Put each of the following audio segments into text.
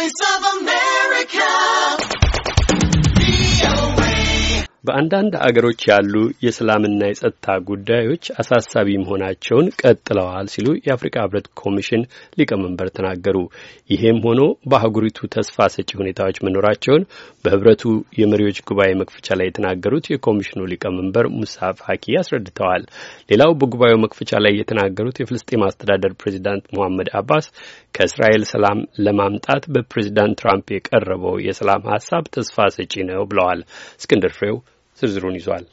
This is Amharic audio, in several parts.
Voice of በአንዳንድ አገሮች ያሉ የሰላምና የጸጥታ ጉዳዮች አሳሳቢ መሆናቸውን ቀጥለዋል ሲሉ የአፍሪካ ህብረት ኮሚሽን ሊቀመንበር ተናገሩ። ይሄም ሆኖ በአህጉሪቱ ተስፋ ሰጪ ሁኔታዎች መኖራቸውን በህብረቱ የመሪዎች ጉባኤ መክፈቻ ላይ የተናገሩት የኮሚሽኑ ሊቀመንበር ሙሳ ፋኪ አስረድተዋል። ሌላው በጉባኤው መክፈቻ ላይ የተናገሩት የፍልስጤም አስተዳደር ፕሬዚዳንት ሞሐመድ አባስ ከእስራኤል ሰላም ለማምጣት በፕሬዚዳንት ትራምፕ የቀረበው የሰላም ሀሳብ ተስፋ ሰጪ ነው ብለዋል። እስክንድር ፍሬው ዝርዝሩን ይዟል።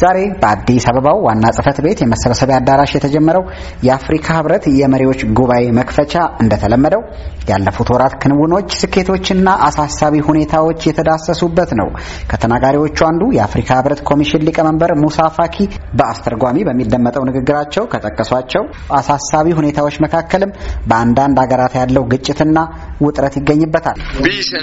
ዛሬ በአዲስ አበባው ዋና ጽህፈት ቤት የመሰብሰቢያ አዳራሽ የተጀመረው የአፍሪካ ህብረት የመሪዎች ጉባኤ መክፈቻ እንደተለመደው ያለፉት ወራት ክንውኖች፣ ስኬቶችና አሳሳቢ ሁኔታዎች የተዳሰሱበት ነው። ከተናጋሪዎቹ አንዱ የአፍሪካ ህብረት ኮሚሽን ሊቀመንበር ሙሳ ፋኪ በአስተርጓሚ በሚደመጠው ንግግራቸው ከጠቀሷቸው አሳሳቢ ሁኔታዎች መካከልም በአንዳንድ ሀገራት ያለው ግጭትና ውጥረት ይገኝበታል። ፒስ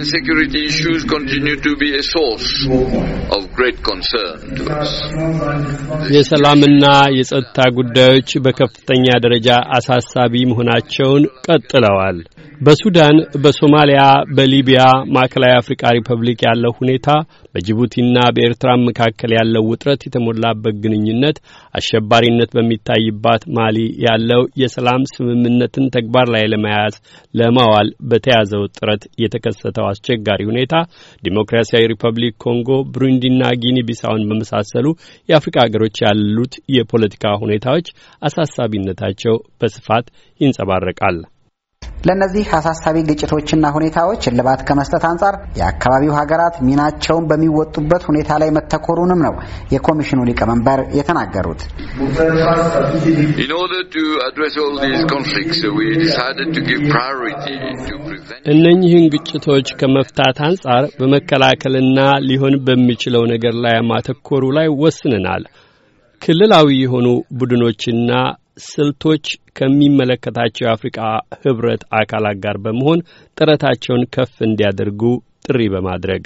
የሰላምና የጸጥታ ጉዳዮች በከፍተኛ ደረጃ አሳሳቢ መሆናቸውን ቀጥለዋል። በሱዳን፣ በሶማሊያ፣ በሊቢያ፣ ማዕከላዊ አፍሪካ ሪፐብሊክ ያለው ሁኔታ፣ በጅቡቲና በኤርትራ መካከል ያለው ውጥረት የተሞላበት ግንኙነት፣ አሸባሪነት በሚታይባት ማሊ ያለው የሰላም ስምምነትን ተግባር ላይ ለመያዝ ለማዋል በተያዘው ጥረት የተከሰተው አስቸጋሪ ሁኔታ፣ ዲሞክራሲያዊ ሪፐብሊክ ኮንጎ፣ ብሩንዲና ጊኒ ቢሳውን በመሳሰሉ የአፍሪካ ሀገሮች ያሉት የፖለቲካ ሁኔታዎች አሳሳቢነታቸው በስፋት ይንጸባረቃል። ለእነዚህ አሳሳቢ ግጭቶችና ሁኔታዎች እልባት ከመስጠት አንጻር የአካባቢው ሀገራት ሚናቸውን በሚወጡበት ሁኔታ ላይ መተኮሩንም ነው የኮሚሽኑ ሊቀመንበር የተናገሩት። እነኚህን ግጭቶች ከመፍታት አንጻር በመከላከልና ሊሆን በሚችለው ነገር ላይ ማተኮሩ ላይ ወስነናል። ክልላዊ የሆኑ ቡድኖችና ስልቶች ከሚመለከታቸው የአፍሪቃ ህብረት አካላት ጋር በመሆን ጥረታቸውን ከፍ እንዲያደርጉ ጥሪ በማድረግ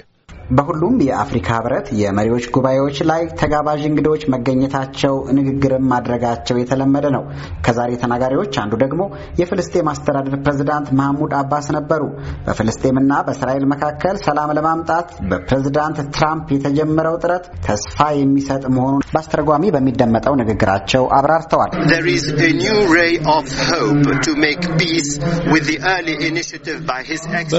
በሁሉም የአፍሪካ ህብረት የመሪዎች ጉባኤዎች ላይ ተጋባዥ እንግዶች መገኘታቸው ንግግርም ማድረጋቸው የተለመደ ነው። ከዛሬ ተናጋሪዎች አንዱ ደግሞ የፍልስጤም አስተዳደር ፕሬዝዳንት ማህሙድ አባስ ነበሩ። በፍልስጤምና በእስራኤል መካከል ሰላም ለማምጣት በፕሬዝዳንት ትራምፕ የተጀመረው ጥረት ተስፋ የሚሰጥ መሆኑን በአስተርጓሚ በሚደመጠው ንግግራቸው አብራርተዋል።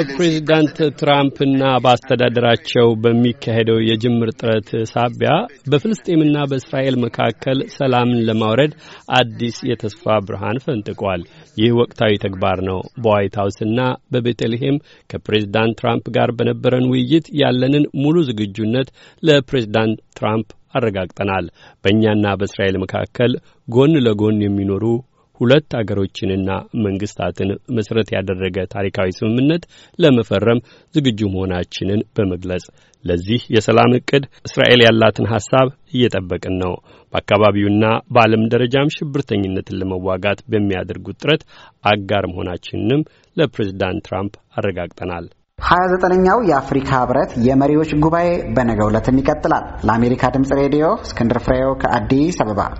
በፕሬዝዳንት ትራምፕና በአስተዳደራቸው በመሪዎቻቸው በሚካሄደው የጅምር ጥረት ሳቢያ በፍልስጤምና በእስራኤል መካከል ሰላምን ለማውረድ አዲስ የተስፋ ብርሃን ፈንጥቋል። ይህ ወቅታዊ ተግባር ነው። በዋይት ሀውስና በቤተልሔም ከፕሬዝዳንት ትራምፕ ጋር በነበረን ውይይት ያለንን ሙሉ ዝግጁነት ለፕሬዝዳንት ትራምፕ አረጋግጠናል። በእኛና በእስራኤል መካከል ጎን ለጎን የሚኖሩ ሁለት አገሮችንና መንግስታትን መሰረት ያደረገ ታሪካዊ ስምምነት ለመፈረም ዝግጁ መሆናችንን በመግለጽ ለዚህ የሰላም እቅድ እስራኤል ያላትን ሐሳብ እየጠበቅን ነው። በአካባቢውና በዓለም ደረጃም ሽብርተኝነትን ለመዋጋት በሚያደርጉት ጥረት አጋር መሆናችንንም ለፕሬዝዳንት ትራምፕ አረጋግጠናል። ሀያ ዘጠነኛው የአፍሪካ ህብረት የመሪዎች ጉባኤ በነገው ዕለትም ይቀጥላል። ለአሜሪካ ድምፅ ሬዲዮ እስክንድር ፍሬው ከአዲስ አበባ